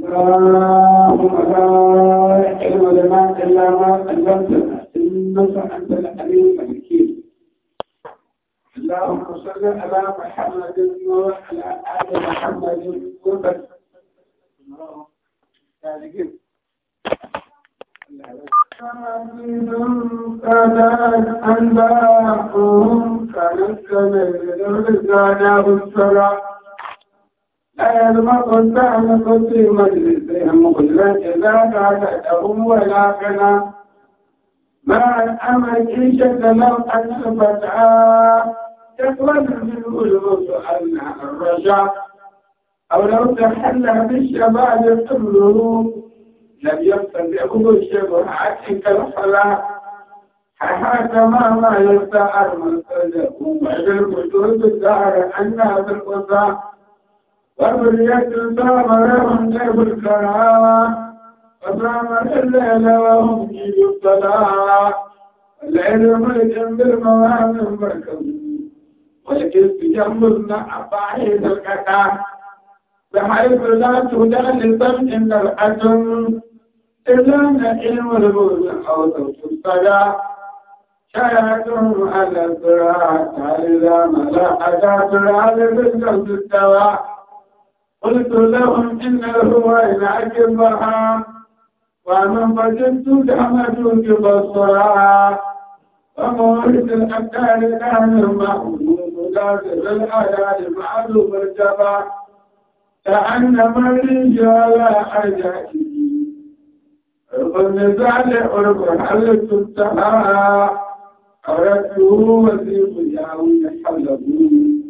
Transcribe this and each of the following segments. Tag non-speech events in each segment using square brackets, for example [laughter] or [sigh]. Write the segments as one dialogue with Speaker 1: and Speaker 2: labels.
Speaker 1: اللهم لا علم لنا إلا ما علمتنا إنك أنت العليم الحكيم اللهم صل على محمد وعلى آل محمد وبارك كانت أنباءهم كانت كمثل الرزانة والصلاة المرء سهل في مجلسهم غلا إذا قعدتهم ولا قنا مع الأمل إيشة لو أسلفت تقبل منه الوضوء أنها الرجاء أو لو تحلى بالشباب حمله لم يستطعه الشبهات كالحلا حتى ما يستعر من صدقه وإلى الوجود الدار أنها بالقضاء فبريت الباب لهم جيب الكراهة فقام الليل وهم في الصلاة العلم ملك بالموانم مركز والكسب جنب النعبعين الكتاب بحيث لا تدان إن الأجل إلا نعيم البرد أو صوت الصلاة شايعتهم على الصراط إذا ما ملاحظات العالم بالجلد الدواء قلت لهم إن وإن أكل برهام ومن فجدت دعمتك بالصلاة فمورد الأبدال الآن المحمود لازم الحياة معلوم الجبع كأنما الرجال حياتي عرف النزال عرف حل تبتها أردته وزيق ياوي حلبوني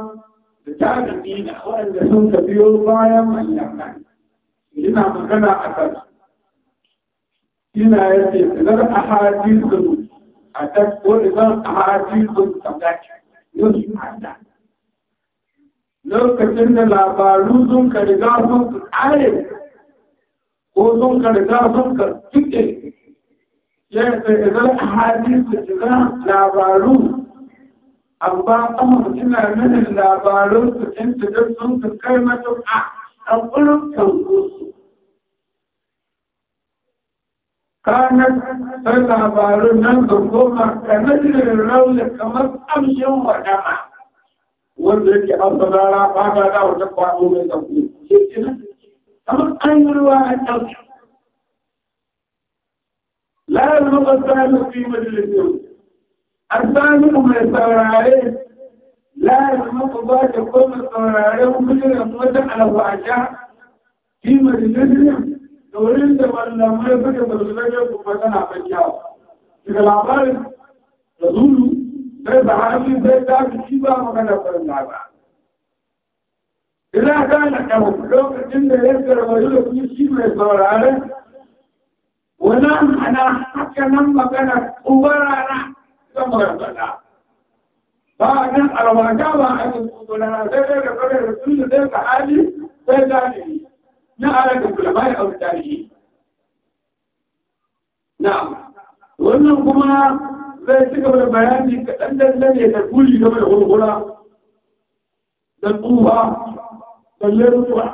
Speaker 1: da jarumi na waɗanda sun ka biyo bayan manyan nan ina magana a kan ina ya ce tsirar a hadisun a ta wani zan a hadisun tsamdaki yau su hada lokacin da labaru sun ka riga sun ka ƙare ko sun ka riga sun ka tuke ya ce tsirar a hadisun tsirar labaru amma amur suna nuna labarun su in su duk sun su kai matuƙa a ƙurin kanku kanar sai labarun nan ga goma kamar da rauni kamar amshin waɗama wanda yake an zarara ba da za wata kwaɗo mai ɗauki kamar an yi ruwa a ɗauki la yanzu ba za mu fi majalisun الثاني من السورارين لا يملك بعد كل السورارين كل يموت على وعشاء في مدينتنا دورين تولى ما يفكر بالغلاجة كفتنا فجاو إذا العبارة تزول بيت عامل بيت عامل شيبا مكان فرنا إذا كان كم لو كنت يذكر رجل في شيء من السورارين ونعم أنا حكى نم مكان أبرانا ثمرة لنا فأنا على ما جاب أن يقول لنا ذلك فقد رسول ذلك حالي فذلك نعلم كل ما يقول تاريخي نعم wannan kuma zai ci gaba da bayani kaɗan dangane da kuli game da hulhula da tsufa da leruwa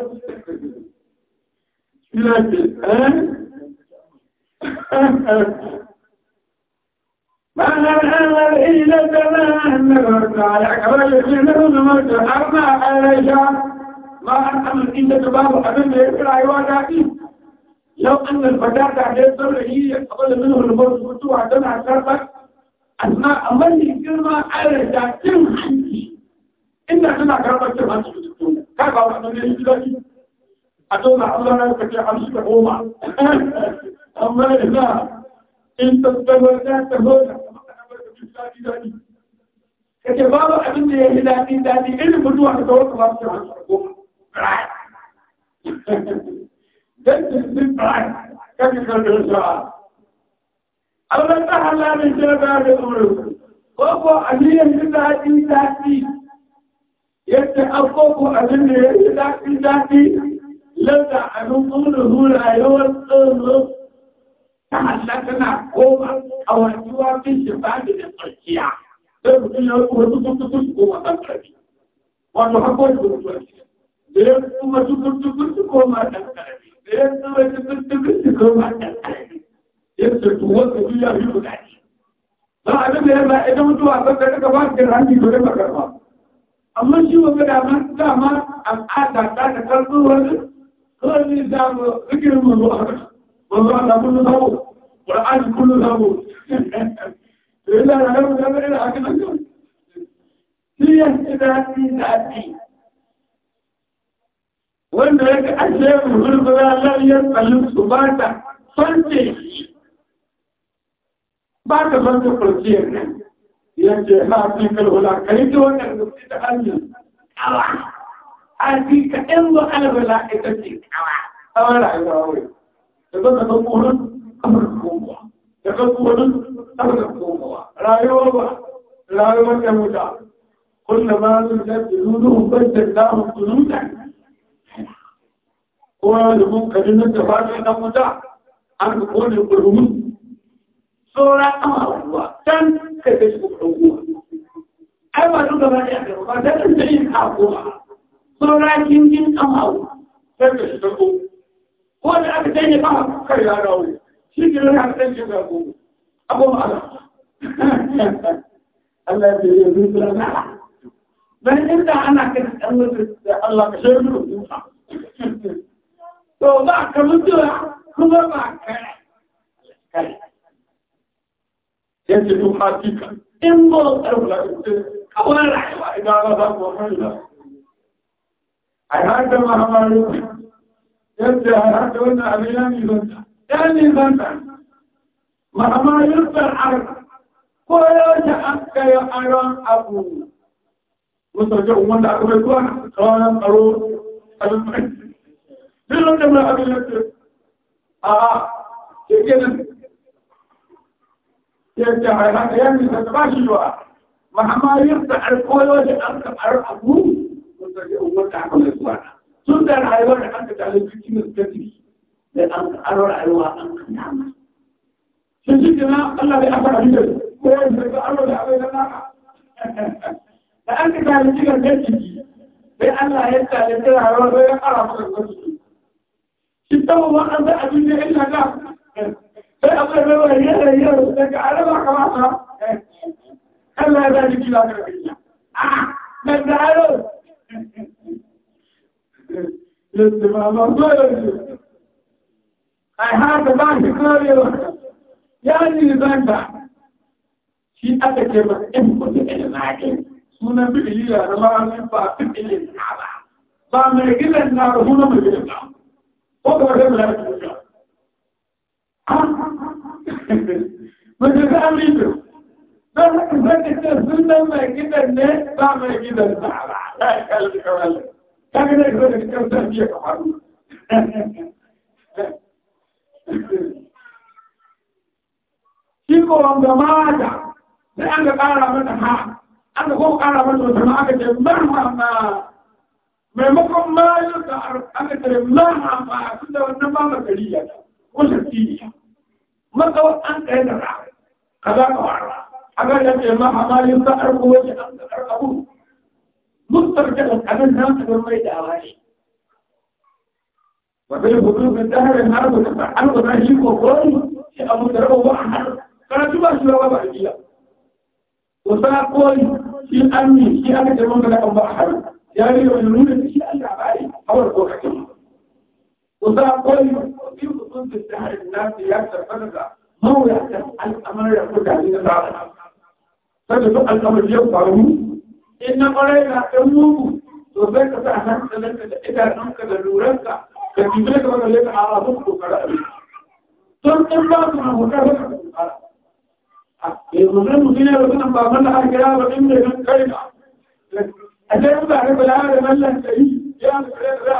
Speaker 1: shi na ke eh ليلة أن نمرت على أكبر جنر نمرت حرما عليها ما أنت من إنت تباب أبن بيكر عيواناتي لو أن الفتاة تعجب ضره يقبل منه الموت وتوع دمع سربك أسماء أمني كلمة عليها كم حنكي إن أنا كربك كم حنكي كيف أردنا أن يجب أتونا الله لا يفتح حمسك أمع أما إذا إن تتبرنا تهونا jin daɗi daɗi kake babu abin da ya yi daɗi daɗi irin mutuwa da kawai kamar su hansu goma dan jinsin bai kake karɓar sha'a Allah ta halalin jirga da tsoron ko ko aliyan ji daɗi daɗi yadda abubuwa abin da ya yi daɗi daɗi lauta abin kuma da hura yawar tsoron ta Allah tana koma a wajuwa fin shi ba da tsarkiya sai mutum ya rubuta tukun tukun koma ɗan ƙarfi wato haƙo da rubutu a cikin da ya kuma tukun tukun su koma ɗan ƙarfi da ya kuma tukun tukun su koma ɗan ƙarfi ya ce to wanda duk ya yi buƙaci ba abin da ya ba idan mutuwa ba ka daga ba ka rami to da bakar ba amma shi wanda dama dama al'ada ta ta karɓi wani kawai ne za mu rikirin mu zuwa والله كله ثبوت والقرآن كله ثبوت [laughs] إلا أنا لم أتابع إلى هكذا هي ذاتي ذاتي وأن لك أشياء من الغلاء لا يتقلب سباتا فلتي بعد فلت فلتي يجي هاتيك الغلاء كيف وأنا نفسي تحلل أوعى هاتيك إلا الغلاء تجيك أوعى أوعى أوعى daga daga koran amurka komowa daga koran amurka komowa rayuwa ba rayuwa ta wuta kulla ma sun da zuzu bayyana da mu kunuta ko da mun kadin da ba ta dan wuta an ko ne kurmi sura amawa dan ka ta shi kurmi ai ba duka ba ya ba dan da yin abuwa sura kin kin amawa sai ka shi ta ko da aka sanya ba kai ya dawo shi ke nan aka sanya ga gobe abu ma Allah Allah ya yi zuwa na dan inda ana kan dan mutu da Allah ka shirya mu duka to ba ka mutu kuma ba kai kai yanzu duk hakika in ba ka rubla kawai rayuwa idan ba za ku wahala ai har da mahamadu يبدأ حتى قلنا أبيان يبدأ يعني يبدأ مهما يبدأ الحرب ولا تأكى أرى أبوه وصلت أمنا أقبل كوانا كوانا أروه أبوه بلون ما أبي يبدأ آه كيف يبدأ حتى يعني تتباشي وقت مهما يبدأ الكل ولا تأكى أرى أبوه وصلت أمنا أقبل كوانا tun da rayuwar da aka talibi cikin tafi da an ƙarar rayuwa an kama sun ji jina Allah bai aka abin da ko ya zai ga Allah da abin da naka da an ka talibi cikin tafi bai Allah ya talibi rayuwar da ya ƙara maka kansu shi tawo ma an zai abin da ya shaka sai akwai bai wani yadda yau daga araba kamata Allah ya zai jiki lafiya. Ah, da da للزمام الضير أي هذا بانك كاري وقت يعني لبانك shi aka ce ba in kudu ilmakin sunan bi'ili da ramarin ba fi ilin na ba ba mai gilan na ba sunan mai gilan na ko ga wani mai gilan na mace ta alibu don haka zai ce sunan mai gilan ne ba mai gilan na ba ta kalli kawai kaga zai zo da cikin zan iya ka faru shi ko wanda mata sai an ga ƙara mata ha an ga kuma ƙara mata wata ma aka ce marhama maimakon mayu da aka ce marhama tun da wannan ba ma gari ya ko shafiya matsawar an tsaye da ra kaza ka wara a ga yadda marhama yin sa'ar ko wace an sa'ar abu مسترجعة كمان نام تقول ما يدعواش وفي الحدود الدهر النار وتفعل وما يجيب وقوي شيء أبو تربه وحر كان شو باش لو بقى جيلا وصلا قوي شيء أمي شيء أنا كمان بلا أبو حر يعني يقولون شيء أنا عبالي أول قوة كمان وصلا قوي في حدود الدهر النار يكسر فرقة ما هو يحتاج الأمر يقول علينا بعض فجدوا الأمر يوقعون in na kwarai na ɗan mugu to zai ka sa hankalinka da idanunka da lurarka da jibe ka wanda zai ka hawa sun kokara abin don ɗan ba su na hotar da ka kokara a yanzu mutum ne da sunan baban da aka kira ba ɗin da ɗan kai ba a ce in ba ka bala da mallan ka yi ya ka kare da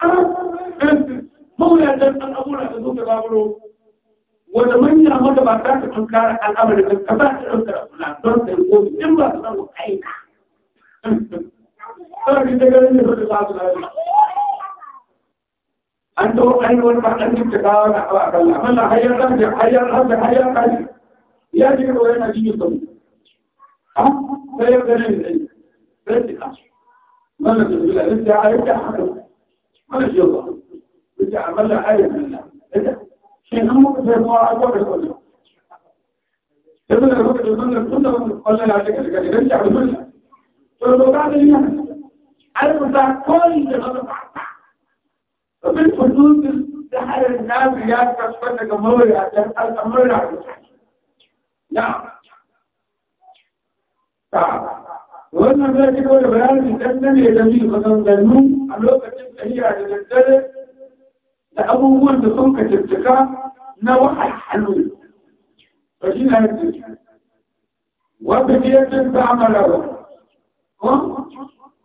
Speaker 1: za a mawuyar dan ɗan abubuwa da suka zaburo wanda manya magabata su sun kara al'amarin da ka ba su ɗaukar kula don su yi gobe in ba su samu aika. Sarki da ganin da wanda ba su lafiya. An zo an yi wani faɗan jin ta kawo na awa kalla, amma hayar ɗan da hayar ɗan da hayar ɗan ya ji ko yana jin yin sauri. Sai ya gani da yi, sai su kasu. Mana da zuwa, ya ce a yi ta haka, mana shi yau ba, ya ce a malla ayyukan na, ya شنو بيقولوا يقولون كل يقول الرجل يظن السنة يقولون لا عليك الكلمة يرجع السنة يقولون بعد اليمن عارف بتاع كل يقولون ففي الحدود ده حال الناس يقولون كشفنا جمهوري عشان الأمر على يقولون wannan zai ci gaba da bayanin dan nan ya zami kasan zannu a lokacin tsayiya da daddare da abubuwan da sun ka cikcika na wahalhalu ba shi na yake wata biyacin ta amalawa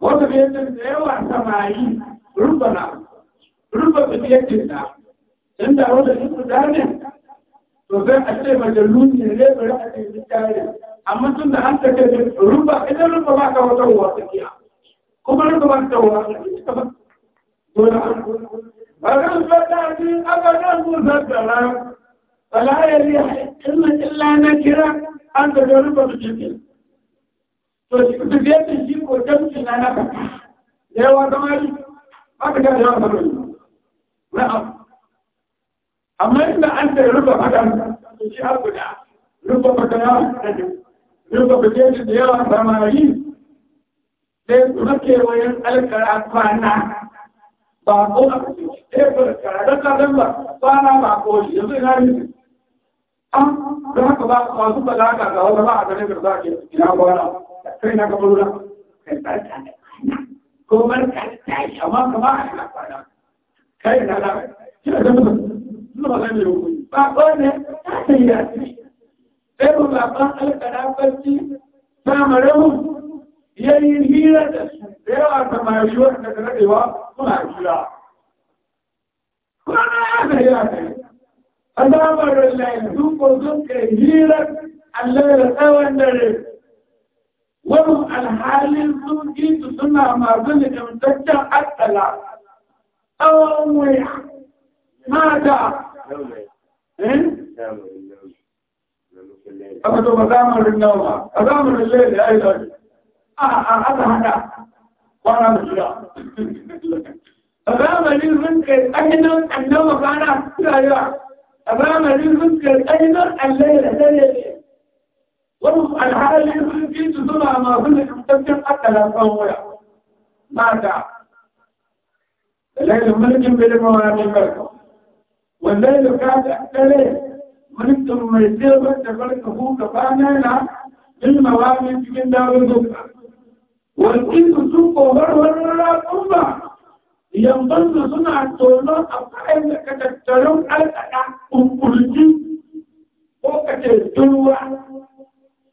Speaker 1: wata biyacin da yawa samari rubana rubata biyacin ta inda wata shi su dane to zai a ce majalun ne ne bari a ɗaya tare amma tun da an take ruba idan ruba ba ka wata ruwa tsakiya kuma ruba ba ta ruwa tsakiya Barin fata ji abadan musaddara, falayar ya yi ilmin illa na kira an da gari ba su jikin. To shi kudu biyatin shi ko jamci na na kaka, da yawa zama yi, ba ka gada yawa zama yi. Amma inda an da rufe fata to shi har guda, rufe fata yawa da rufe fata da yawa zama yi, sai su makewayin alkara kwana. ba ko eh barka da kadan ba ba na ba ko yanzu ina ne an da haka ba ba su balaka ga wani ba a gane ga zaki ina ba na kai na kamar da kai barka da ko barka da kai amma kuma ina kwana kai na da kina da mutum ba zan yi hukumi ba ko ne ta sai ya ci sai mu ba ban alƙara barci ta maramu yayin hira da su da yawa samari wanda ka radewa suna jira
Speaker 2: kuma na ya
Speaker 1: kai azabarin layin sun ko sun kai hirar allah da tsawon dare wani alhalin sun su suna masu nijimtaccen akala tsawon wuya mata Aka to ba zamarin nawa, a zamarin laili ya yi zaune, a aka hada kwana da shida a zamanin rinkar ainihin annaba bana rayuwa a zamanin rinkar ainihin allai da dare wasu alhalin rinkin su suna masu da kantaccen akalan kawaya mata da lailin mulkin bilimawa ne karfa wannan da ka ta dare mulkin mai zirgar da farka huka bana na ilmawa ne cikin darin zuka والكل سوق ورورا قربا ينظر صنع الدولار أفعال لك تترون على أحكم كلتي وقت الدوة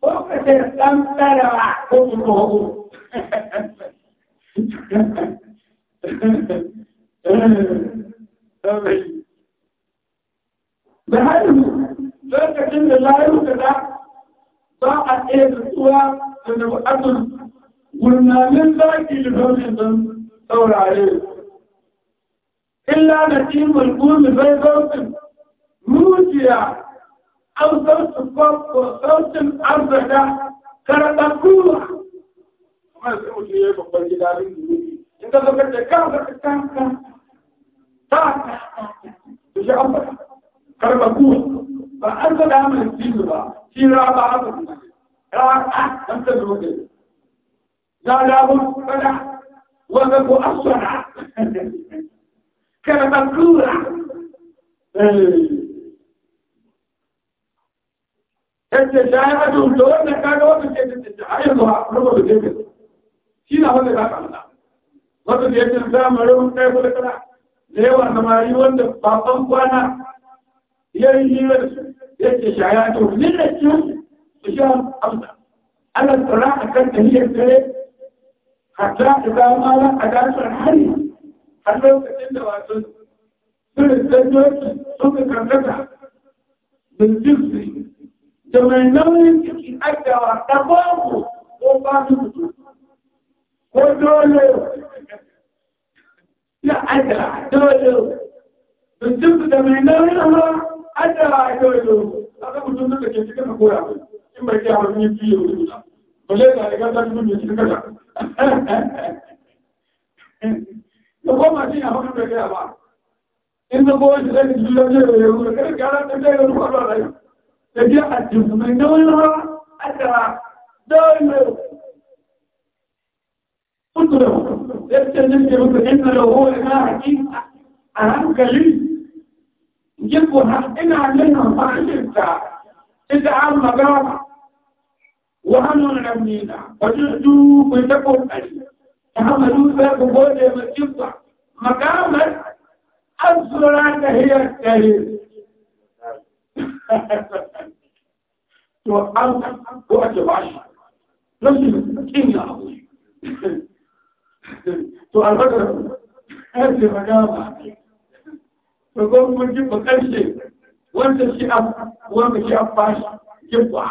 Speaker 1: وقت الأمثال أحكم الظهور بهذا ذلك إن لا يوجد ضاعت إيه الدوة من وقت قلنا من ذاك الفم ثور عليه إلا نتيم القوم في ذوق موجع أو ذوق فوق وصوت أبدا كرتكوها ما سمعتي لي بقول جدارين إنت فقدت كم فقدت كم كم تا تجي أبدا كرتكوها فأنت دائما تجيبها في رابعة لا أنت الوحيد لا لا مصطلع وقف أصلع كان مذكورا التجاهة إيه. دور نكاد وبجد التجاهة ضعف ربما بجد شين هو اللي بقى عملا وقت يجد الإسلام مرون كيف لكنا ليه النماري وانت بابن قوانا يجي يجي شعياته من الشيء شيء أمدا أنا الصراحة كانت هي الكلام حتى إذا ما أداس الحري حتى لو كنت واسد سر الزجاج سوق كنتك بالجزء كما ينوي في أدى وتقوم وقام ودوله لا أدى دوله بالجزء كما ينوي لها أدى دوله هذا كنت لك كنت كما قوي عمل إما كي عمل من يبيه وليس على قدر من يتكلم da goma shi na hannun da gaya ba in da goma shi zai jula ne da yau da kada gyara ta gaya da ruwa da rayu da biya a jinsu mai nauyin ha a tara dawai mai kudu da yadda ne ke mutu inda da huwa ina haƙi a hankali yin kuna ina yin amfani da ita an magana وهمنا لك وجهدوا ويتقوا أجل تحملوا ذاك بولي والجبع مقاما الصلاة هي التهيل وأنا وأجب عشر نفسي مسكين يا أبوي وأنا هذه مقامة فقوم من جبع قلشي وانت الشيء وانت الشيء جبع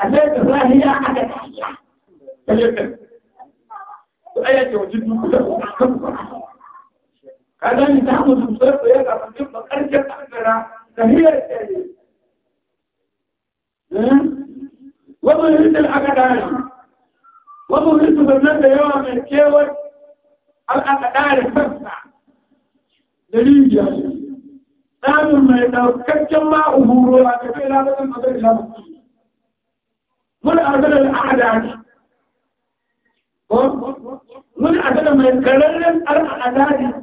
Speaker 1: أساس الراهية على الحية فليكن وآية وجدنا هذا اللي تعمل المصرف يقع في الجبل أرجع أكثر فهي التالية وضو يريد الأقدار وضو يريد بالنسبة يوم الكيور الأقدار فسع دليل جاي يعني. نعم ما يتوكل كما أهوره وكفي لا بد من قبل الله من أدل الأعداد من أدل من كرر الأعداد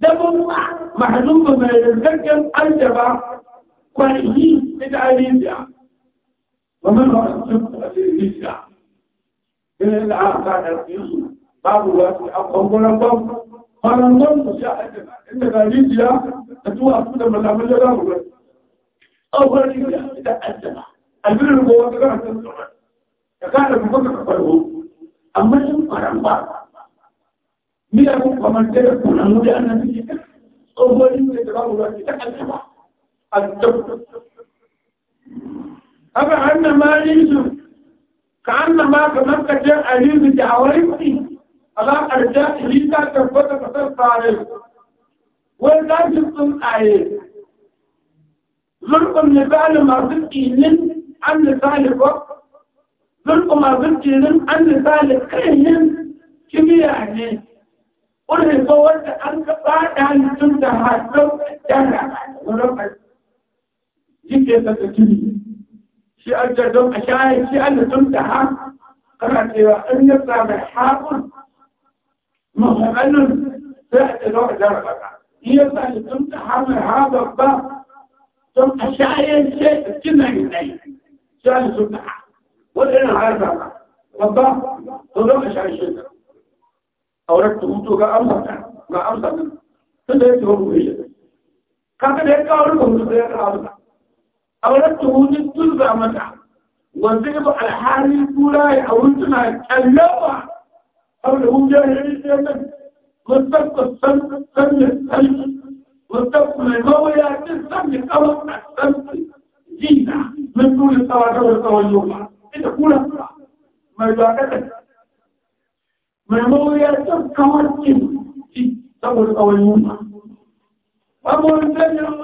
Speaker 1: دبوا محزوم من الذكر الجبا قريه بدعليبيا ومن رأسهم أسيريسيا إلى العاقة القيوم بعض الوقت أقوم ولقوم قال الله شاهد إن غاليسيا أتوى أفضل من أمجرام أو غاليسيا إذا أجمع أبين المقوات كان في أقول لك المقوات كفره أما شمقر أنبع من أبوك ومن تلكم أنه لأن نبي كفر أول يوم يتباه الله تتحدث الدفر أبا أن ما يجب كأن ما كمان كجاء أليم بجعوري فيه ألا أرجاء ليسا تنفذ فتر فارغ وإذا جبتم أعيد ظلكم نبال ما ذكي an misali ko zurkuma zurkinin an misali kanyin kimiyya ne ƙunin so wanda an ka tsada halittun da hasar daga wurin jike ta tsakiri shi an jardon a shayi shi an mutum da ha kana cewa an yi tsada haƙun mahimmanin sai a tsada a jarabata in yi tsada mutum da ha mai ha babba don a shayi shi a cikin nan yanayi سأل سنة قل إنا عارفة ربا تضمش على الشدة أوردت موتو كأمسا ما أمسا منه تدريت هو إيجاد كان ذلك أورده تدريت العظمة أوردت موتو تلبى مسا وانتقب على حال الأولى أوردنا اللوة قبله جاهل الجنة واتقوا السمع سمع السمع هو المولى السمع أوردنا السمع زينة من طول الصلاة والتولع أنت كل ما يلاقتك ما هو يتبقى وقت في طول التولع أمر الثاني